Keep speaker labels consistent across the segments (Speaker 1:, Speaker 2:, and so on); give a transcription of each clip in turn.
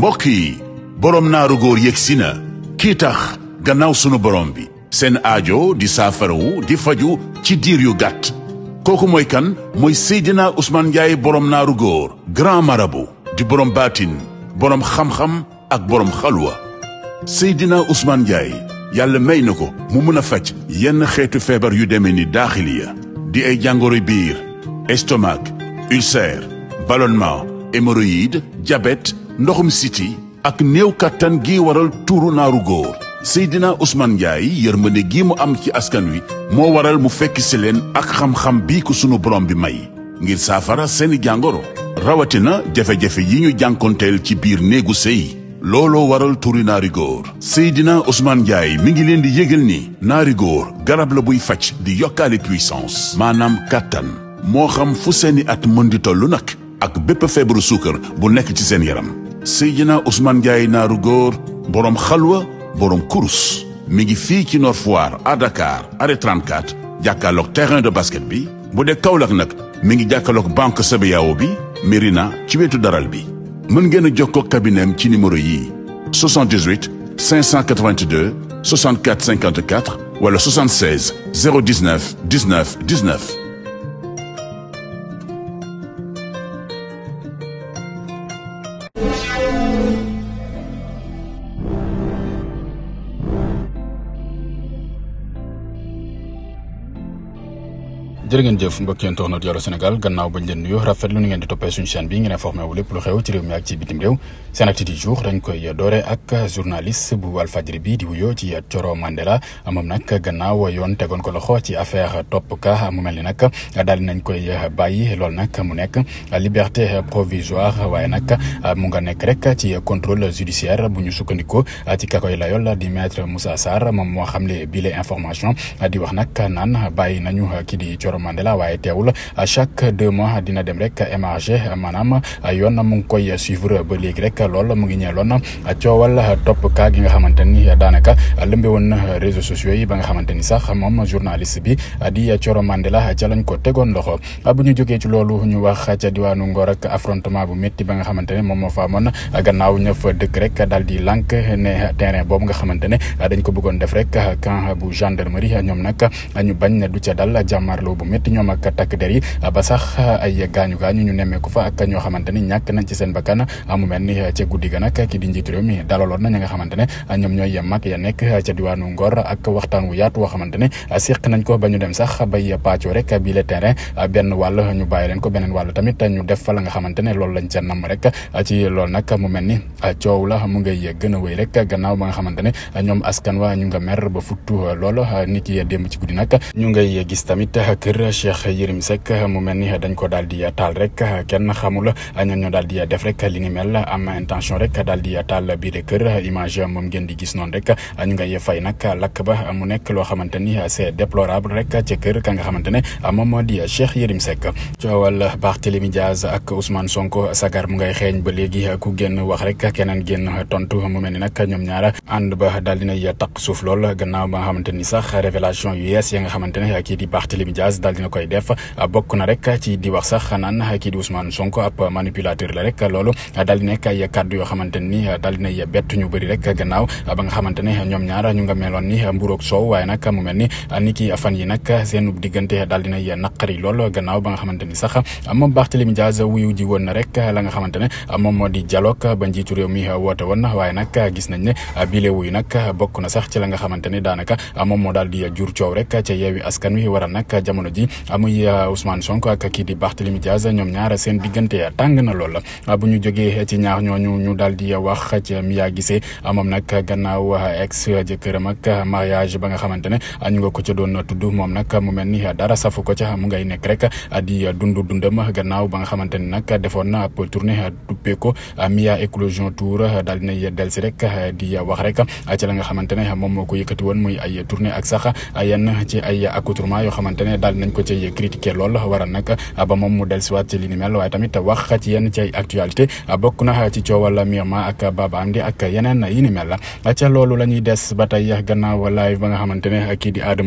Speaker 1: mbokk yi boroom naaru góor yegsi na kii tax gannaaw sunu borom bi seen aajo di saafarawu di faju ci diir yu gàtt kooku mooy kan mooy Seydina usmaan Ndiaye boroom naaru góor grand marabout di borom baatin boroom xam-xam ak boroom xalwa Seydina Ousmane Ndiaye yàlla may na ko mu mën a faj yenn xeetu feebar yu deme ni daaxiliya di ay jàngoro biir estomac ulcère ballonnement hémorroïde diabète ndoxum siti ak néew kattan gi waral tuuru naaru góor Seydina Ousmane Ndiaye yërmande gi mu am ci askan wi moo waral mu fekk si leen ak xam-xam bii ko sunu borom bi may ngir saafara seeni jàngoro rawatina jafe-jafe yi ñu jànkonteel ci biir néegu sëy looloo waral turi naari góor Seydina Ousmane Ndiaye mi ngi leen di yëgal ni naari góor garab la buy faj di yokkaale puissance maanaam kàttan moo xam fu seeni at mën di tollu nag ak bépp feebaru suukar bu nekk ci seen yaram Seydina Ousmane Ndiaye naaru góor borom xalwa borom kurus mi ngi fii ci Nord Foire ar Dakar arrêt 34 jàkkaarloog terrain de basket bi bu dee Kaolack nag mi ngi jàkkaarloog banque CBAO bi Merina ci wetu daral bi mën ngeen a jokkoo kabineem ci numéro yii 78 582 64 54 wala 76 019 19
Speaker 2: jërë ngeen jëf mbokk yéen toxnat yoro Sénégal gannaaw bañ leen nuyu rafet lu nu ngeen di toppee suñu chaîne bi ngeen informé wu lépp lu xew ci réew mi ak ci bitim réew seen acte du jour dañ koy doore ak journaliste bu Walfadjri bi di wuyoo ci Thioro Mandela moom nag gannaaw yoon tegoon ko loxo ci affaire Top Cas mu mel ni nag daal nañ koy bàyyi loolu nag mu nekk liberté provisoire waaye nag mu nga nekk rek ci contrôle judiciaire bu ñu ci ka koy Mandela waaye teewul chaque deux mois dina dem rek émerger maanaam yoon mu ngi koy suivre ba léegi rek lool mu ngi ñeeloon coowal topp kaa gi nga xamante ni daanaka lëmbe woon na réseaux sociaux yi ba nga xamante ni sax moom journaliste bi di Thioro Mandela ca lañ ko tegoon loxo bu ñu jógee ci loolu ñu wax ca diwaanu Ngor ak affrontement bu metti ba nga xamante ne moom moo fa amoon gannaaw ña fa dëkk rek daal di lànk ne terrain boobu nga xamante ne dañ ko bëggoon def rek camp bu gendarmerie ñoom nag ñu bañ ne du ca dal jàmmaarloo bu métti ñoom ak takk der yi ba sax ay gaañu gaañu ñu nemmeeku fa ak ñoo xamante ni ñàkk nañ ci seen bakkan mu mel ni ca guddi ga nag ki di njiitu réew mi na ña nga xamante ne ñoom ñooy mag ya nekk ca diwaanu Ngor ak waxtaan wu yaatu woo xamante ne seq nañ ko ba ñu dem sax bay pàccoo rek bii le terrain benn wàll ñu bàyyi leen ko beneen wàll tamit ñu def fa la nga xamante ne loolu lañ ca namm rek nag mu mel ni coow la mu ngay gën a wéy rek gannaaw ba nga xamante ne ñoom askan wa ñu nga mer ba futtu loolu nit yi démb ci guddi nag ñu ngay gis tamit kër ngir Cheikh Yérim Seck mu mel ni dañ ko daal a taal rek kenn xamul a ñoo daal di def rek li ni mel am intention rek daal di taal bii de kër image moom ngeen di gis noonu rek ñu ngay fay nag lakk ba mu nekk loo xamante ni c'est déplorable rek ca ñoom ñaara ànd ba daal dinay taq suuf lool gannaaw ba nga xamante sax révélation yu yees nga xamante ne kii di Barthélémy Diaz daal dina koy def bokk na rek ci di wax sax naan kii di Ousmane Sonko ab manipulateur la rek loolu daal di nekk ay kàddu yoo xamante ni daal di nay bett ñu bëri rek gannaaw ba nga xamante ne ñoom ñaar nga meloon ni mburoog soow waaye nag mu mel ni ni ki fan yi nag seen diggante daal di nay naqari lool gannaaw ba nga xamante ni sax moom Barthélémy Diaz wuyu ji woon na rek la nga xamante ne moom di ba njiitu réew mi woote woon waaye nag gis nañ ne bile wuyu nag bokk na sax ci la nga xamante ne daanaka moom moo daal a jur coow rek ca yeewi askan wi waral a jamono ji ji muy euh, Ousmane Sonko ak kii di ñoom ñaar seen diggante tàng na lool euh, bu ñu jógee ci ñaar ñooñu ñu daal di wax ci Mia Guissé euh, moom nag gannaaw ex jëkkëram ak mariage ba nga xamante ne ñu nga ko ca doon tudd moom nag mu mel ni dara safu ko ca mu ngay nekk rek di dund dundam gannaaw ba nga xamante ne nag defoon na ab tournée duppee ko Mia éclosion tour daal di nay del si rek di wax rek ci la nga xamante ne moom moo ko yëkkati woon muy ay tournée ak sax nañ ko cay critiquer lool waral nag ba moom mu dellusiwaat ci li ni mel waaye tamit wax ci yenn ci ay actualité na ba tey gannaaw live ba nga xamante ne kii ak ka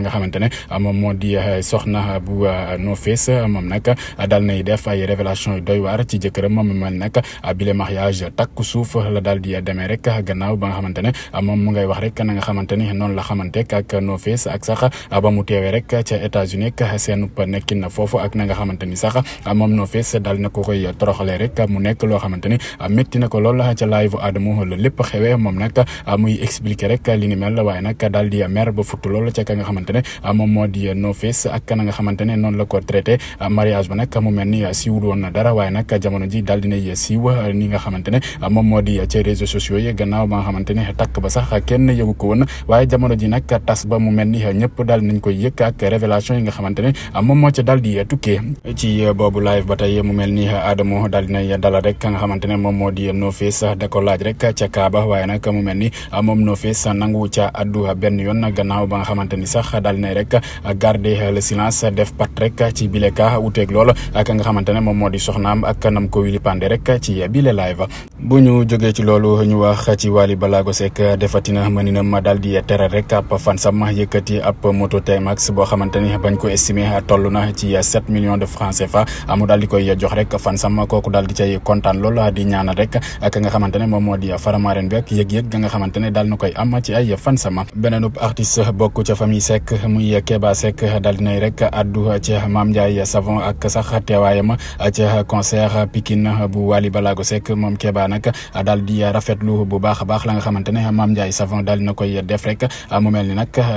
Speaker 2: nga xamante ne moom moo di soxna bu euh, No Face moom a daal nay def ay révélation doy waar ci jëkkëram moom mel nag bile mariage takku suuf la daal di demee rek gannaaw ba nga xamante ne moom mu ngay wax rek na nga xamante la xamante ak no fees ak sax ba mu teewee rek ca États-Unis seen nekkin na foofu ak na nga xamante ni moom no fees daal na ko koy mu nekk loo xamante ni métti na ko lool ca live Adamo la lépp xewee moom nag muy expliquer rek li ni mel waaye nag daal di mer ba futt lool ca ka nga xamante ne moom moo di no fees ak na nga la ko traité mariage ba nag mu mel ni siiwul woon na dara waaye nag jamono ji daal a siiw ni nga xamante ne moom moo di ca réseaux sociaux yi gannaaw ba nga xamante ne takk ba sax kenn yëgu ko woon waaye jamono ji nag tas ba ba mu mel ni ñëpp daal nañ koy yëkk ak révélation yi nga xamante ne moom moo ca daal di tukkee ci boobu live ba tey mu mel ni a daal dinay dalal rek ka di Nofees da ko laaj rek ca ba nga xamante ni sax daal dinay rek garder le silence def ka wuteeg lool ka nga xamante ne moom moo di soxnaam ak nam ko wili pande rek ci bile live bu ñu ci loolu ñu wax ci Wally Balago Seck defatina mëninam daal di tere rek ab fansam yëkkati ab moto T-Max boo xamante ni bañ ko estimé toll na ci sept millions de francs CFA mu daal di koy jox rek fan sam kooku daal di cay kontaan di ñaanal rek ak nga xamante ne moom moo di faramaren bi ak yëg-yëg nga xamante ne daal na koy am ci ay fan sama beneenub artiste bokk ca famille Seck muy Keba Seck daal di nay rek addu ci Mame Ndiaye Savon ak sax teewaayam ci concert Pikine bu Wally Balago Seck moom Keba nag daal di rafetlu bu baax a baax la nga xamante ne Mame Ndiaye daal di na koy def rek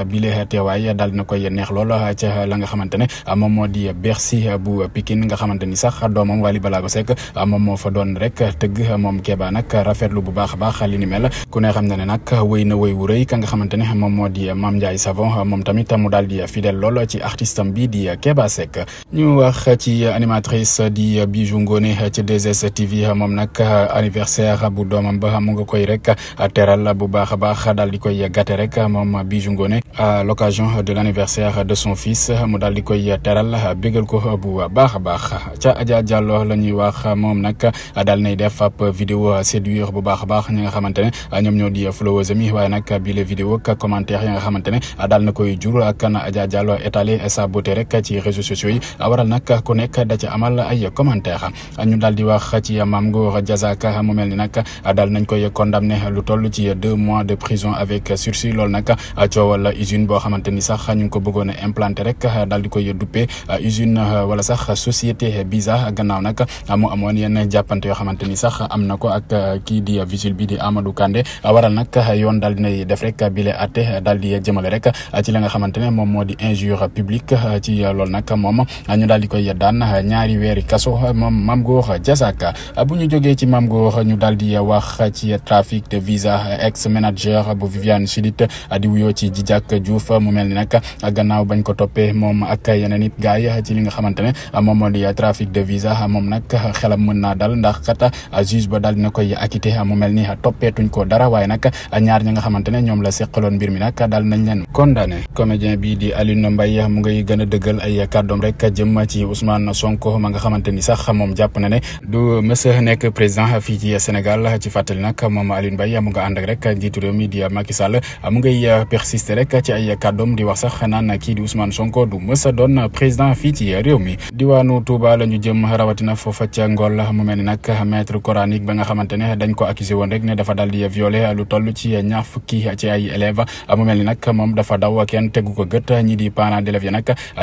Speaker 2: bile teewaay daal dina koy neex lool ca la nga xamante ne moom moo di Bercy bu Pikine nga xamante ni sax doomam Wally Ballago Seck moom moo fa doon rek tëgg moom Keba nag rafetlu bu baax a baax li ni ku ne xam na ne nag wéy na wéy wu rëy ka nga xamante ne moom moo di Mame Ndiaye Savon moom tamit mu daal di fidèle lool ci artistam am bi di Keba Seck ñu wax ci animatrice di Bijou Ngoné ci 2STV moom nag anniversaire bu doomam ba mu nga koy rek teral bu baax a baax dal di koy gàtte rek moom Bijou Ngoné à l'occasion de l'anniversaire de son fils mu daal di koy teral bégal ko bu baax a baax ca Adja Diallo la ñuy wax moom nag daal nay def ab vidéo séduire bu baax a baax ñi nga xamante ne ñoom ñoo di followers mi waaye nag bii la vidéo ak commentaire yi nga xamante ne daal na koy jur ak na Adja étalé sa beauté rek ci réseaux sociaux yi waral nag ku nekk da ca amal ay commentaire ñu daal di wax ci Mame Ngor Diazaka mu mel ni nag daal nañ koy condamné lu toll ci mois de prison avec sursis loolu nag usine boo xamante ni sax ñu ngi ko bëggoon a implanté rek euh, daal di koy duppee euh, usine euh, wala sax société Biza gannaaw nag mu amoon yenn jàppante yoo xamante ni sax am na ko ak kii di vigile bi di Amadou a waral nag yoon daal dinay def rek bile àtte daal di jëmale rek ci la nga xamante ne moom moo di injure publique ci loolu nag moom ñu daal di koy daan ñaari weeri kaso moom Mame Gor Diazaka bu ñu jógee ci Mame Gor ñu daal di wax ci trafic de a Diouf mu mel ni nag gannaaw bañ ko toppee moom a yeneen it gars yi ci li nga xamante ne moom moo di trafic de visa moom nag xelam mën naa dal ndax kat juge ba dal dina koy acquitté mu mel ni toppeetuñ ko dara waaye nag ñaar ñi nga xamante ne ñoom la seqaloon mbir mi nag daal nañ leen. condamné comédien bii di Alioune Mbaye mu ngay gën a dëggal ay kàddoom rek jëm Sonko ma nga xamante ni sax moom jàpp na ne du mës a nekk président fii ci Sénégal ci fàttali nag moom Alioune Mbaye mu nga ànd rek njiitu réew mi di Macky Sall mu ngay persister rek ay kàddoom di wax sax naan kii di Ousmane Sonko du mës a doon président fii ci réew mi diwaanu Touba la ñu jëm rawatina foofa ca Ngol mu mel ni nag maître coranique ba nga xamante ne dañ ko accusé woon rek ne dafa daal di violé lu toll ci ñaar fukki ci ay dafa daw kenn tegu ko gët ñi di parents d'élèves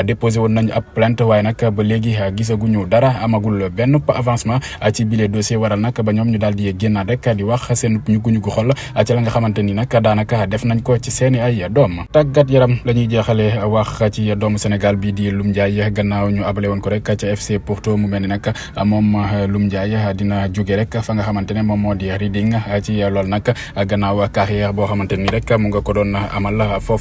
Speaker 2: déposé woon nañu ab plainte waaye nag ba léegi gisaguñu dara amagul benn avancement ci bile dossier waral nag ba ñoom ñu daal di génnaat rek di wax seen ñu guñu gu xol a la nga xamante ni nag daanaka def nañ ko ci seeni ay doom tàggat yaram la ñuy jeexale wax ci doomu Sénégal bi di Loum Ndiaye gannaaw ñu abale woon ko rek ca FC Porto mu mel ni nag moom Loum a dina jóge rek fa nga xamante ne moom moo di Reading ci loolu nag gannaaw carrière boo xamante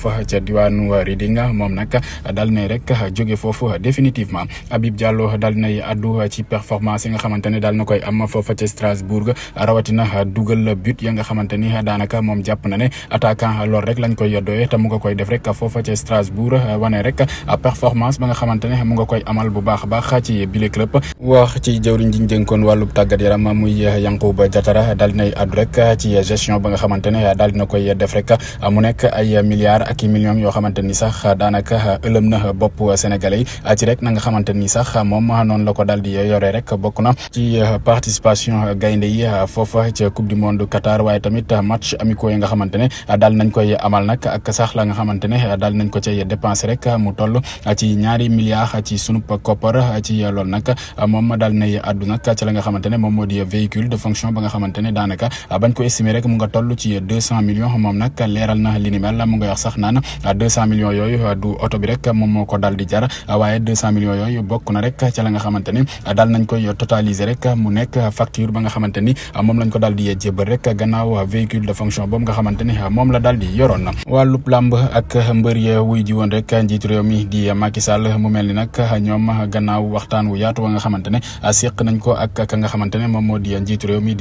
Speaker 2: foofa ca diwaanu Reading moom nag a nay rek jóge foofu définitivement Habib Diallo daal nay addu ci performance yi nga xamante ne daal na koy am foofa ca Strasbourg rawatina dugal but ya nga xamante na ne rek lañ koy doyee te mu nga koy def rek foofa ca rek performance a ci bile gestion ba nga xamante ne daal dina koy def rek mu nekk ay milliards ak i millions yoo xamante ni sax daanaka ëlëm na bopp sénégalais yi ci rek na nga xamante ni sax moom la ko daal di yore rek bokk ci participation gaynde yi a ca coupe du monde Qatar waaye tamit match amicaux yi nga xamante ne daal nañ koy amal nag la nga xamante ne daal nañ ko cay dépense rek mu toll ci ñaari milliards ci sunub koppar ci loolu nag moom daal nay addu nag ci la nga xamante ne moom moo di véhicule de fonction ba nga xamante ne daanaka bañ ko estimer rek mu nga toll ci deux cent millions moom nag leeral na li mu nga wax sax na naan 200 millions yooyu euh, du oto bi rek moom moo ko daal di jar waaye 200 millions yooyu bokk na rek ca la nga xamante ni daal nañ koy totaliser rek mu nga xamante ni moom lañ ko daal di jébbal rek gannaaw véhicule de fonction boobu nga xamante ni moom la daal di yoroon wàllub làmb ak mbër ya wuy ji woon rek mi di Macky mu mel ni nag ñoom gannaaw waxtaan wu yaatu wa nga xamante ne seq ko ak ka nga xamante moom moo di njiitu réew mi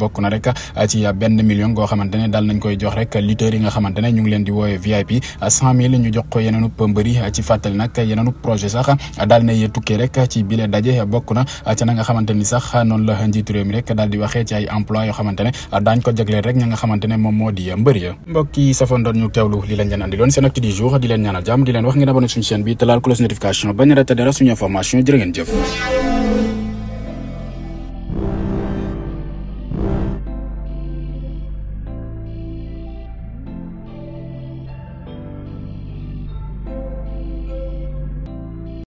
Speaker 2: bokk na rek ci benn million goo xamante koy jox rek lutteurs yi nga xamante ne ñu ngi leen di wooye VIP cent mille ñu jox ko yeneen mbëri ci fàttali nag yeneen projet sax daal nay tukkee rek ci bile daje bokk na ca na nga xamante ni sax la njiitu réew mi rek daal di waxee ci ay emploi yoo xamante ne daañ ko jagleel rek ña nga xamante moom moo di mbëri ya mbokk yi safandoon ñu teewlu li lañ leen andi loon seen actu du jour di leen ñaanal jàmm di leen wax ngeen abonné suñu chaîne bi te laal cloche notification bañ a raté dara suñu information